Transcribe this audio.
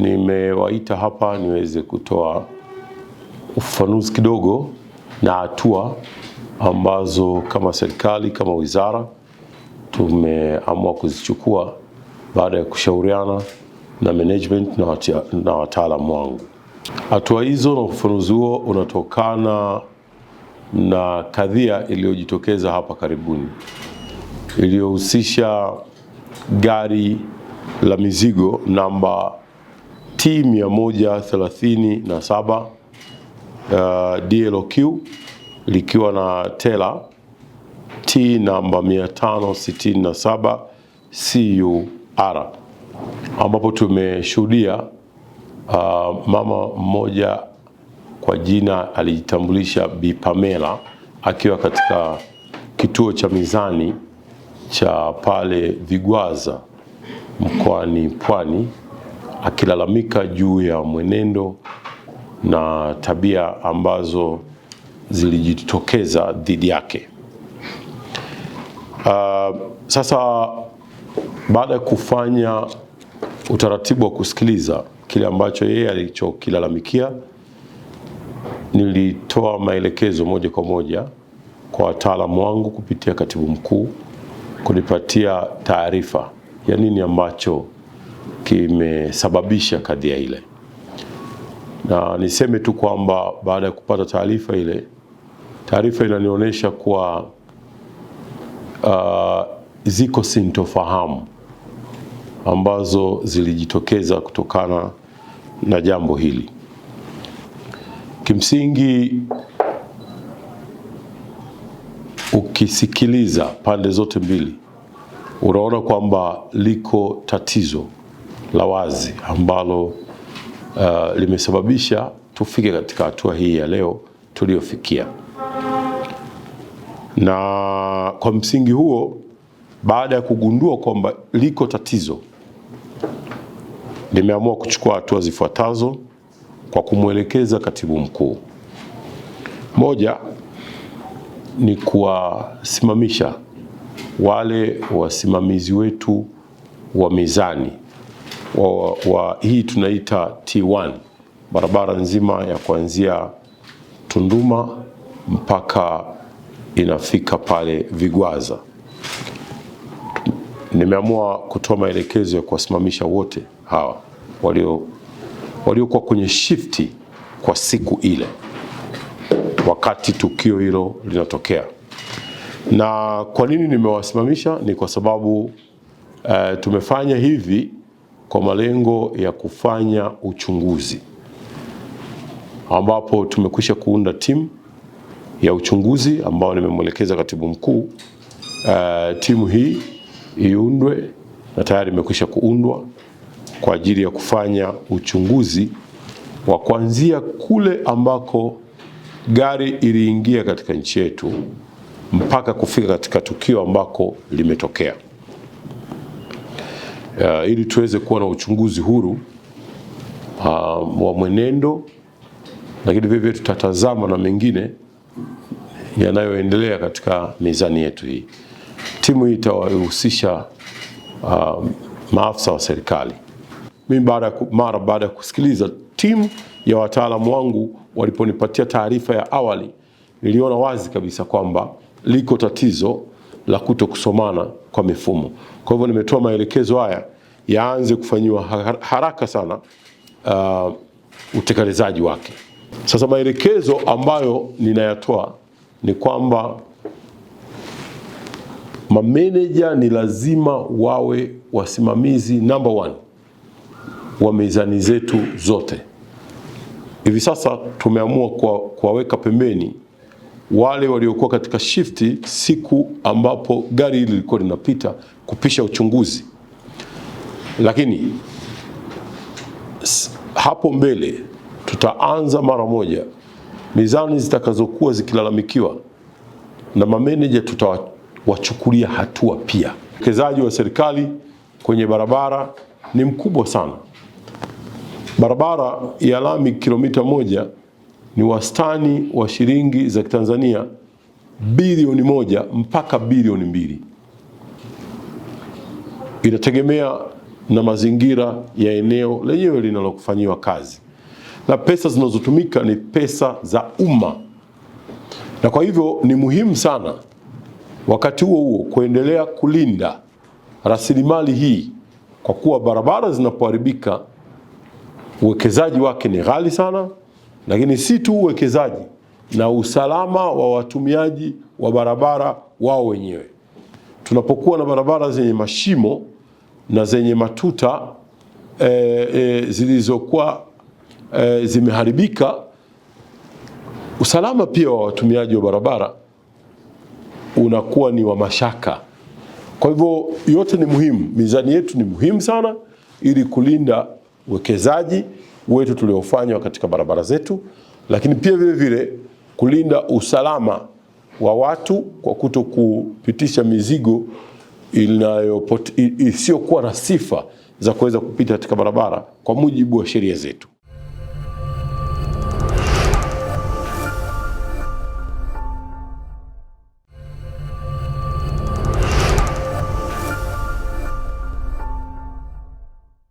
nimewaita hapa niweze kutoa ufafanuzi kidogo na hatua ambazo kama serikali kama wizara tumeamua kuzichukua baada ya kushauriana na management na, na wataalamu wangu. Hatua hizo na ufafanuzi huo unatokana na kadhia iliyojitokeza hapa karibuni iliyohusisha gari la mizigo namba T 137 uh, DLQ likiwa na tela T namba 567 CUR ambapo tumeshuhudia uh, mama mmoja kwa jina alijitambulisha Bi Pamela akiwa katika kituo cha mizani cha pale Vigwaza mkoani Pwani akilalamika juu ya mwenendo na tabia ambazo zilijitokeza dhidi yake. Uh, sasa baada ya kufanya utaratibu wa kusikiliza kile ambacho yeye alichokilalamikia, nilitoa maelekezo moja kwa moja kwa wataalamu wangu kupitia katibu mkuu kunipatia taarifa ya nini ambacho kimesababisha kadhia ile, na niseme tu kwamba baada ya kupata taarifa ile, taarifa inanionyesha kuwa uh, ziko sintofahamu ambazo zilijitokeza kutokana na jambo hili. Kimsingi, ukisikiliza pande zote mbili, unaona kwamba liko tatizo la wazi ambalo uh, limesababisha tufike katika hatua hii ya leo tuliyofikia. Na kwa msingi huo, baada ya kugundua kwamba liko tatizo, nimeamua kuchukua hatua zifuatazo kwa kumwelekeza katibu mkuu. Moja ni kuwasimamisha wale wasimamizi wetu wa mizani wa, wa, wa hii tunaita T1 barabara nzima ya kuanzia Tunduma mpaka inafika pale Vigwaza. Nimeamua kutoa maelekezo ya kuwasimamisha wote hawa waliokuwa walio kwenye shifti kwa siku ile wakati tukio hilo linatokea. Na kwa nini nimewasimamisha? Ni kwa sababu uh, tumefanya hivi kwa malengo ya kufanya uchunguzi, ambapo tumekwisha kuunda timu ya uchunguzi ambao nimemwelekeza katibu mkuu. Uh, timu hii iundwe na tayari imekwisha kuundwa kwa ajili ya kufanya uchunguzi wa kuanzia kule ambako gari iliingia katika nchi yetu mpaka kufika katika tukio ambako limetokea uh, ili tuweze kuwa na uchunguzi huru uh, wa mwenendo, lakini vivyo tutatazama na mengine yanayoendelea katika mizani yetu hii. Timu hii itawahusisha uh, maafisa wa serikali. Mimi mara baada ya kusikiliza timu ya wataalamu wangu waliponipatia taarifa ya awali, niliona wazi kabisa kwamba liko tatizo la kuto kusomana kwa mifumo. Kwa hivyo nimetoa maelekezo haya yaanze kufanyiwa haraka sana uh, utekelezaji wake. Sasa maelekezo ambayo ninayatoa ni kwamba mameneja ni lazima wawe wasimamizi number one wa mizani zetu zote. Hivi sasa tumeamua kuwaweka pembeni wale waliokuwa katika shifti siku ambapo gari hili lilikuwa linapita kupisha uchunguzi, lakini hapo mbele tutaanza mara moja mizani zitakazokuwa zikilalamikiwa na mameneja tutawachukulia hatua pia. Uwekezaji wa serikali kwenye barabara ni mkubwa sana. Barabara ya lami kilomita moja ni wastani wa shilingi za Kitanzania bilioni moja mpaka bilioni mbili. Inategemea na mazingira ya eneo lenyewe linalokufanyiwa kazi, na pesa zinazotumika ni pesa za umma, na kwa hivyo ni muhimu sana wakati huo huo kuendelea kulinda rasilimali hii, kwa kuwa barabara zinapoharibika uwekezaji wake ni ghali sana lakini si tu uwekezaji na usalama wa watumiaji wa barabara wao wenyewe. Tunapokuwa na barabara zenye mashimo na zenye matuta e, e, zilizokuwa e, zimeharibika, usalama pia wa watumiaji wa barabara unakuwa ni wa mashaka. Kwa hivyo yote ni muhimu, mizani yetu ni muhimu sana ili kulinda uwekezaji wetu tuliofanywa katika barabara zetu, lakini pia vile vile kulinda usalama wa watu kwa kuto kupitisha mizigo isiyokuwa na sifa za kuweza kupita katika barabara kwa mujibu wa sheria zetu.